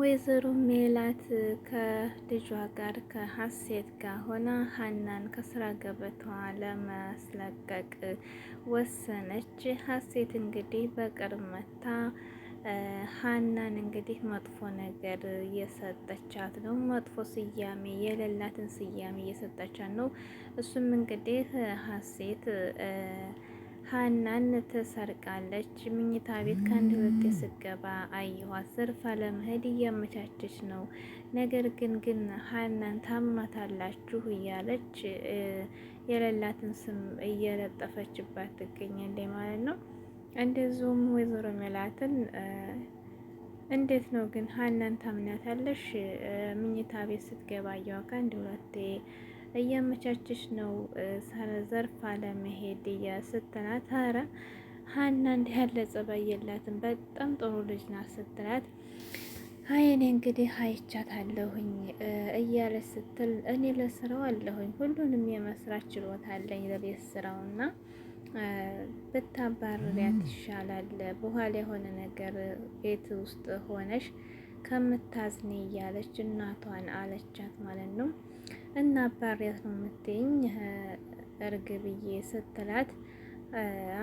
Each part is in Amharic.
ወይዘሮ ሜላት ከልጇ ጋር ከሀሴት ጋር ሆና ሀናን ከስራ ገበታዋ ለማስለቀቅ ወሰነች። ሀሴት እንግዲህ በቅርብ መታ ሀናን እንግዲህ መጥፎ ነገር እየሰጠቻት ነው። መጥፎ ስያሜ የሌላትን ስያሜ እየሰጠቻት ነው። እሱም እንግዲህ ሀሴት ሀናን ትሰርቃለች። ምኝታ ቤት ከአንድ ሁለቴ ስገባ አየኋት። ዘርፋ ለመሄድ እያመቻቸች ነው። ነገር ግን ግን ሀናን ታማታላችሁ እያለች የሌላትን ስም እየለጠፈችባት ትገኛለች ማለት ነው። እንደዚሁም ወይዘሮ ሜላትን እንዴት ነው ግን ሀናን ታምናታለሽ? ምኝታ ቤት ስትገባ አየኋት ከአንድ ሁለቴ እያመቻችሽ ነው ዘርፋ ለመሄድ እያ ስትላት፣ ኧረ ሀና እንዲህ ያለ ጸባይ የላትም በጣም ጥሩ ልጅ ናት ስትላት አይ እኔ እንግዲህ አለሁኝ እያለች ስትል እኔ ለስራው አለሁኝ ሁሉንም የመስራት ችሎታ አለኝ ለቤት ስራውና ብታባርሪያት ይሻላል በኋላ የሆነ ነገር ቤት ውስጥ ሆነሽ ከምታዝኔ እያለች እናቷን አለቻት ማለት ነው። እና አባሪያት ነው የምትይኝ እርግብዬ ስትላት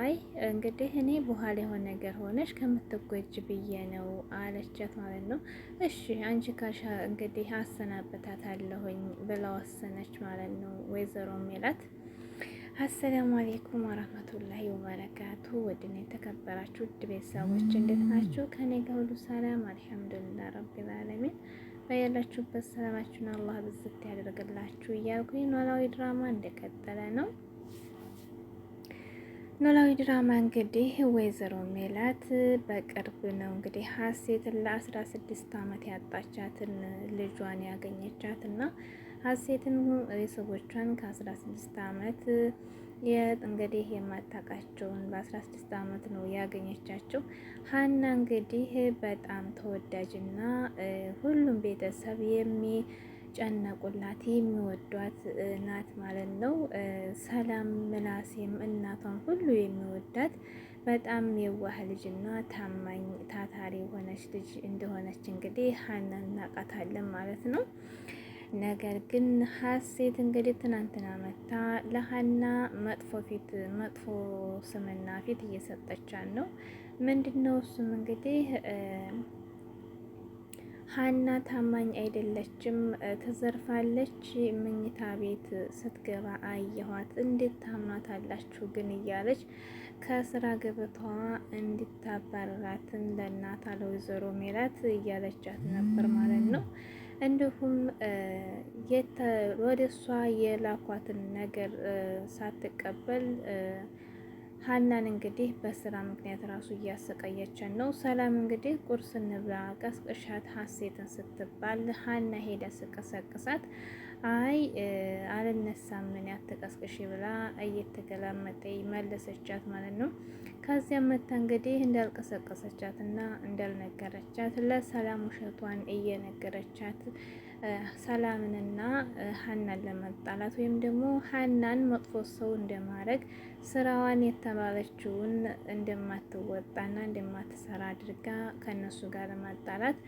አይ እንግዲህ እኔ በኋላ የሆነ ነገር ሆነሽ ከምትጎጅ ብዬ ነው አለቻት ማለት ነው። እሺ አንቺ ካሻ እንግዲህ አሰናበታት አለሁኝ ብላ ወሰነች ማለት ነው ወይዘሮ ሜላት። አሰላሙ አሌይኩም ወረህመቱላሂ ወበረካቱ። ውድና የተከበራችሁ ውድ ቤተሰቦች እንዴት ናችሁ? ከኔ ጋር ሁሉ ሰላም አልሐምዱሊላህ ረቢል አለሚን በያላችሁበት ሰላማችሁን አላህ ብዝት ያደርግላችሁ እያልኩኝ ኖላዊ ድራማ እንደቀጠለ ነው። ኖላዊ ድራማ እንግዲህ ወይዘሮ ሜላት በቅርብ ነው እንግዲህ ሀሴትን ለአስራ ስድስት አመት ያጣቻትን ልጇን ያገኘቻትና ሀሴትን ቤተሰቦቿን ከ16 ዓመት እንግዲህ የማታውቃቸውን በ16 ዓመት ነው ያገኘቻቸው። ሀና እንግዲህ በጣም ተወዳጅና ሁሉም ቤተሰብ የሚጨነቁላት የሚወዷት ናት ማለት ነው። ሰላም ምላሴም እናቷን ሁሉ የሚወዳት በጣም የዋህ ልጅና ታማኝ ታታሪ የሆነች ልጅ እንደሆነች እንግዲህ ሀና እናውቃታለን ማለት ነው። ነገር ግን ሀሴት እንግዲህ ትናንትና መታ ለሀና መጥፎ ፊት መጥፎ ስምና ፊት እየሰጠቻት ነው። ምንድን ነው እሱም እንግዲህ ሀና ታማኝ አይደለችም፣ ተዘርፋለች። መኝታ ቤት ስትገባ አየኋት። እንዴት ታምናታላችሁ ግን እያለች ከስራ ገበታዋ እንድታባረራትን ለእናቷ ለወይዘሮ ሜላት እያለቻት ነበር ማለት ነው። እንዲሁም ወደ እሷ የላኳትን ነገር ሳትቀበል ሀናን እንግዲህ በስራ ምክንያት ራሱ እያሰቃየችን ነው። ሰላም እንግዲህ ቁርስ እንብላ ቀስቅሻት ሀሴትን ስትባል ሀና ሄደ ስቀሰቅሳት አይ አልነሳም ምን አትቀስቅሽ ብላ እየተገላመጠ መለሰቻት ማለት ነው። ከዚያም መታ እንግዲህ እንዳልቀሰቀሰቻት እና እንዳልነገረቻት ለሰላም ውሸቷን እየነገረቻት ሰላምንና ሀናን ለመጣላት ወይም ደግሞ ሀናን መጥፎ ሰው እንደማድረግ ስራዋን የተባለችውን እንደማትወጣና እንደማትሰራ አድርጋ ከእነሱ ጋር ለማጣላት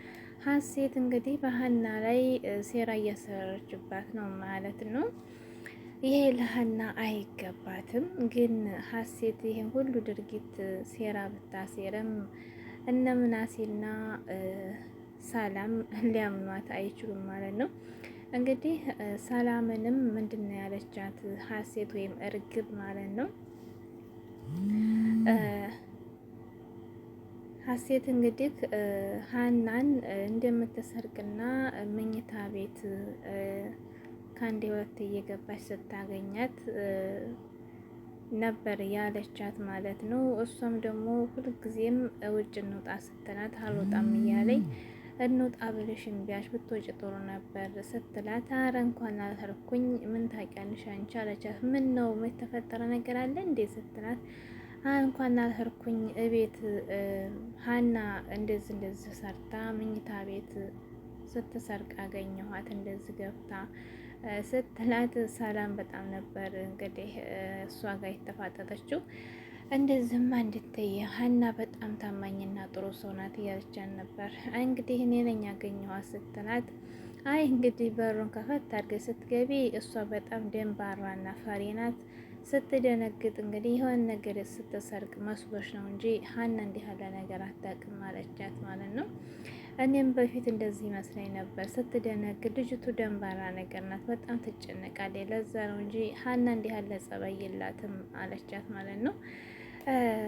ሀሴት እንግዲህ በሀና ላይ ሴራ እያሰረችባት ነው ማለት ነው። ይሄ ለሀና አይገባትም። ግን ሀሴት ይሄ ሁሉ ድርጊት ሴራ ብታሴረም እነ ምናሴና ሰላም ሊያምኗት አይችሉም ማለት ነው። እንግዲህ ሰላምንም ምንድን ነው ያለቻት ሀሴት ወይም እርግብ ማለት ነው ሀሴት እንግዲህ ሀናን እንደምትሰርቅና መኝታ ቤት ከአንድ ሁለት እየገባች ስታገኛት ነበር ያለቻት ማለት ነው። እሷም ደግሞ ሁልጊዜም ውጭ እንውጣ ስትላት አልወጣም እያለኝ እንውጣ ብልሽ እምቢ አልሽ ብትወጪ ጥሩ ነበር ስትላት፣ አረ እንኳን አልተርኩኝ ምን ታውቂያለሽ አንቺ አለቻት። ምን ነው የተፈጠረ ነገር አለ እንዴ ስትላት እንኳን አልሄድኩኝ እቤት ሀና እንደዚህ እንደዚህ ሰርታ ምኝታ ቤት ስትሰርቅ አገኘኋት እንደዚህ ገብታ ስትላት ሰላም በጣም ነበር እንግዲህ እሷ ጋር የተፋጠጠችው። እንደዚህማ እንድትየ ሀና በጣም ታማኝና ጥሩ ሰው ናት እያለቻን ነበር። እንግዲህ እኔ ነኝ ያገኘኋት ስትላት፣ አይ እንግዲህ በሩን ከፈት አድርገህ ስትገቢ እሷ በጣም ደንባራና ፈሪ ናት ስትደነግጥ እንግዲህ የሆነ ነገር ስትሰርቅ መስሎች ነው እንጂ ሀና እንዲህ ያለ ነገር አታውቅም ማለቻት ማለት ነው። እኔም በፊት እንደዚህ ይመስለኝ ነበር። ስትደነግድ ልጅቱ ደንባራ ነገር ናት፣ በጣም ትጨነቃለች። ለዛ ነው እንጂ ሀና እንዲህ ያለ ጸባይ የላትም አለቻት ማለት ነው።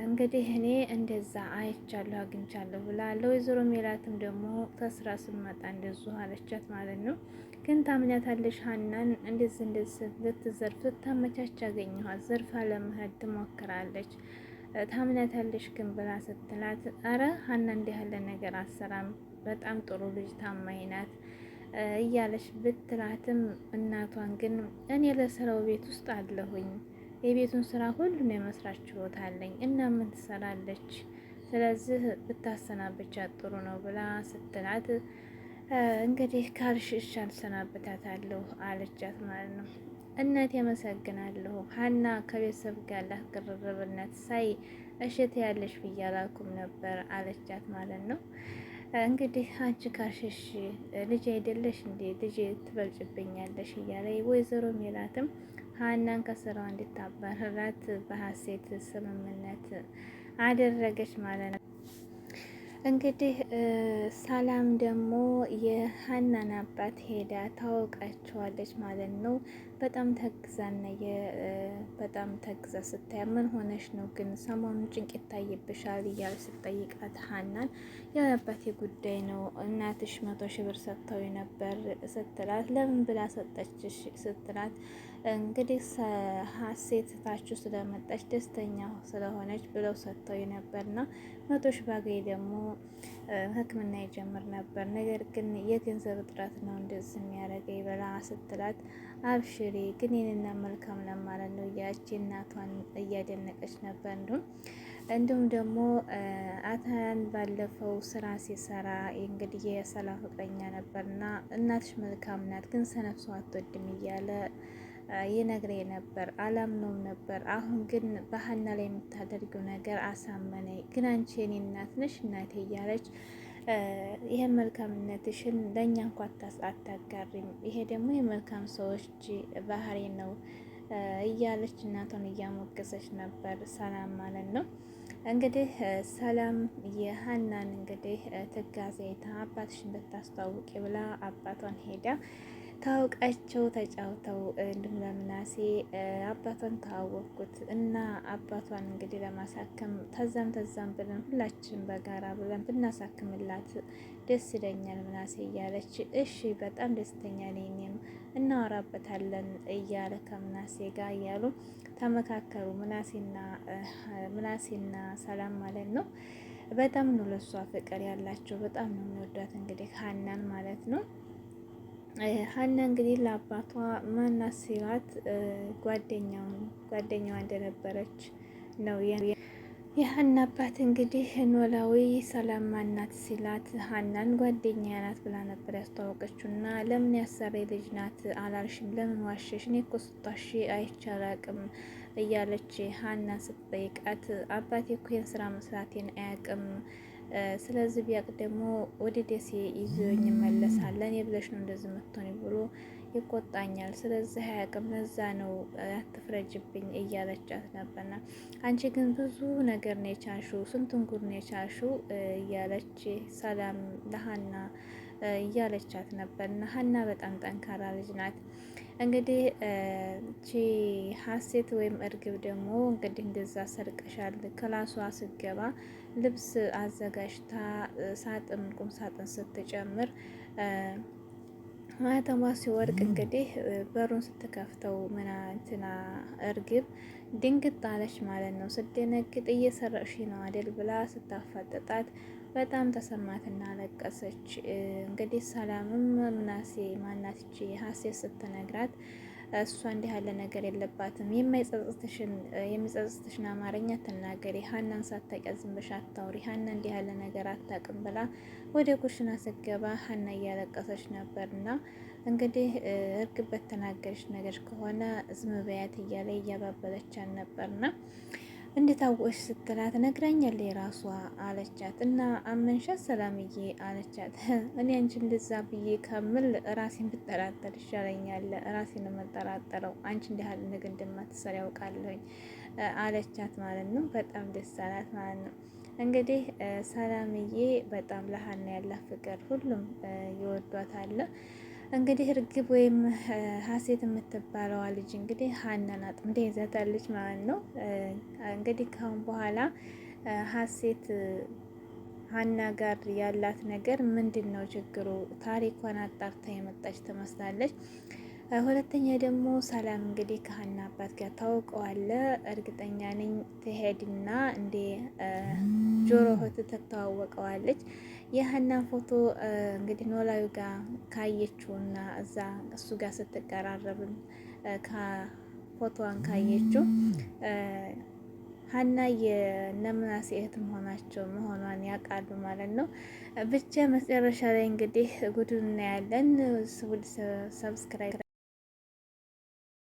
እንግዲህ እኔ እንደዛ አይቻለሁ አግኝቻለሁ ብላለ ወይዘሮ ሜላትም ደግሞ ተስራ ስመጣ እንደዙ አለቻት ማለት ነው። ግን ታምኛታለሽ ሀናን እንደዚህ እንደዚህ ልትዘርፍ ልታመቻች አገኘኋት ዘርፍ አለመሄድ ትሞክራለች ታምኛታለሽ ግን ብላ ስትላት አረ ሀና እንዲህ ያለ ነገር አሰራም በጣም ጥሩ ልጅ ታማኝ ናት እያለች ብትላትም እናቷን ግን እኔ ለስራው ቤት ውስጥ አለሁኝ የቤቱን ስራ ሁሉ የመስራት ችሎታ አለኝ እና ምን ትሰራለች ስለዚህ ብታሰናብቻት ጥሩ ነው ብላ ስትላት እንግዲህ ካልሽ እሺ አልሰናበታታለሁ አለቻት ማለት ነው። እናቴ አመሰግናለሁ ሀና ከቤተሰብ ጋር ያላት ቅርርብነት ሳይ እሽት ያለሽ ብዬ አላልኩም ነበር አለቻት ማለት ነው። እንግዲህ አንቺ ካሽሽ ልጅ አይደለሽ እንዴ ልጅ ትበልጭብኛለሽ እያለ ወይዘሮ ሜላትም ሀናን ከስራዋ እንድታባረራት በሀሴት ስምምነት አደረገች ማለት ነው። እንግዲህ ሰላም ደግሞ የሀናን አባት ሄዳ ታወቃቸዋለች ማለት ነው። በጣም ተግዛነ በጣም ተግዛ ስታይ ምን ሆነሽ ነው ግን ሰሞኑ ጭንቅ ይታይብሻል እያለ ስጠይቃት ሀናን የአባቴ ጉዳይ ነው እናትሽ መቶ ሺህ ብር ሰጥተው ነበር ስትላት ለምን ብላ ሰጠችሽ ስትላት እንግዲህ ሀሴት ስታችሁ ስለመጣች ደስተኛ ስለሆነች ብለው ሰጥተው ነበር ነበርና መቶ ሺህ ባገኝ ደግሞ ሕክምና ይጀምር ነበር። ነገር ግን የገንዘብ እጥረት ነው እንደዚህ የሚያደርገኝ በላ ስትላት፣ አብሽሪ ግን ይህንና መልካም ለማለት ነው እያች እናቷን እያደነቀች ነበር እንዲሁም እንዲሁም ደግሞ አታያን ባለፈው ስራ ሲሰራ እንግዲህ የሰላም ፍቅረኛ ነበርና እናትሽ መልካም ናት፣ ግን ሰነፍሷ አትወድም እያለ ይነግረኝ ነበር፣ አላምነውም ነበር። አሁን ግን በሀና ላይ የምታደርገው ነገር አሳመነኝ። ግን አንቺ የኔ እናት ነሽ እናቴ እያለች ይሄን መልካምነትሽን ለእኛ እንኳ አታጋሪም፣ ይሄ ደግሞ የመልካም ሰዎች ባህሪ ነው እያለች እናቷን እያሞገሰች ነበር። ሰላም ማለት ነው እንግዲህ ሰላም የሀናን እንግዲህ ትጋዜታ አባትሽ እንድታስተዋውቂ ብላ አባቷን ሄዳ ታውቃቸው ተጫውተው እንዲሁም ለምናሴ አባቷን ተዋወቅኩት እና አባቷን እንግዲህ ለማሳከም ተዛም ተዛም ብለን ሁላችን በጋራ ብለን ብናሳክምላት ደስ ይለኛል ምናሴ እያለች እሺ በጣም ደስተኛ ነኝም እናወራበታለን እያለ ከምናሴ ጋር እያሉ ተመካከሩ። ምናሴና ሰላም ማለት ነው። በጣም ነው ለሷ ፍቅር ያላቸው፣ በጣም ነው የሚወዳት እንግዲህ ሀናን ማለት ነው። ሀና እንግዲህ ለአባቷ ማናት ሲላት ጓደኛዋ እንደነበረች ነው። የሀና አባት እንግዲህ ኖላዊ ሰላም ማናት ሲላት ሀናን ጓደኛ ናት ብላ ነበር ያስተዋወቀችው እና ለምን ያሰሬ ልጅ ናት አላልሽም? ለምን ዋሸሽ? እኔ እኮ ስታሺ አይቻላቅም እያለች ሀና ስትጠይቃት አባቴ እኮ ይህን ስራ መስራቴን አያቅም ስለዚህ ቢያቅ ደግሞ ወደ ደሴ ይዞኝ መለሳለን ለእኔ ነው እንደዚህ መጥቶኝ ብሎ ይቆጣኛል። ስለዚህ አያውቅም። ለዛ ነው አትፍረጅብኝ እያለቻት ነበርና አንቺ ግን ብዙ ነገር ነው የቻልሽው፣ ስንቱን ጉድ ነው የቻልሽው እያለች ሰላም ለሀና እያለቻት ነበርና ሀና በጣም ጠንካራ ልጅ ናት። እንግዲህ እቺ ሀሴት ወይም እርግብ ደግሞ እንግዲህ እንደዛ ሰርቀሻል ክላሷ ስገባ ልብስ አዘጋጅታ ሳጥን ቁም ሳጥን ስትጨምር ማተሟ ሲወድቅ እንግዲህ በሩን ስትከፍተው ምናትና እርግብ ድንግጥ አለች ማለት ነው። ስደነግጥ እየሰረቅሽ ነው አደል ብላ ስታፋጥጣት በጣም ተሰማትና ለቀሰች። እንግዲህ ሰላምም ምናሴ ማናትች ሀሴት ስትነግራት እሷ እንዲህ ያለ ነገር የለባትም። የሚጸጽትሽን አማርኛ ትናገሪ፣ ሀናን ሳታውቂያት ዝም ብለሽ አታውሪ፣ ሀና እንዲህ ያለ ነገር አታውቅም ብላ ወደ ኩሽና ስገባ ሀና እያለቀሰች ነበርና እንግዲህ እርግበት ተናገረች ነገር ከሆነ ዝም በያት እያለ እያባበለቻን ነበርና እንድታወሽ ስትላት ነግረኛል የራሷ አለቻት። እና አመንሻት ሰላምዬ አለቻት። እኔ አንቺን ልዛ ብዬ ከምል ራሴን ብጠራጠር ይሻለኛል። ራሴን የምጠራጠረው አንቺ እንዲህ ያህል ንግድ እንደማትሰሪ ያውቃለሁኝ አለቻት ማለት ነው። በጣም ደስ አላት ማለት ነው። እንግዲህ ሰላምዬ በጣም ለሀና ያላት ፍቅር ሁሉም ይወዷታል። እንግዲህ እርግብ ወይም ሀሴት የምትባለዋ ልጅ እንግዲህ ሀናን አጥምዳ ይዛታለች ማለት ነው። እንግዲህ ካሁን በኋላ ሀሴት ሀና ጋር ያላት ነገር ምንድን ነው ችግሩ? ታሪኳን አጣርታ የመጣች ትመስላለች። ሁለተኛ ደግሞ ሰላም እንግዲህ ከሀና አባት ጋር ታውቀዋለ። እርግጠኛ ነኝ ትሄድና እንዴ ጆሮ ህት ትተዋወቀዋለች። የሀናን ፎቶ እንግዲህ ኖላዊ ጋር ካየችውና እዛ እሱ ጋር ስትቀራረብም ፎቶዋን ካየችው ሀና የነምናሴ እህት መሆናቸው መሆኗን ያውቃሉ ማለት ነው። ብቻ መጨረሻ ላይ እንግዲህ ጉዱን እናያለን። ሰብስክራይብ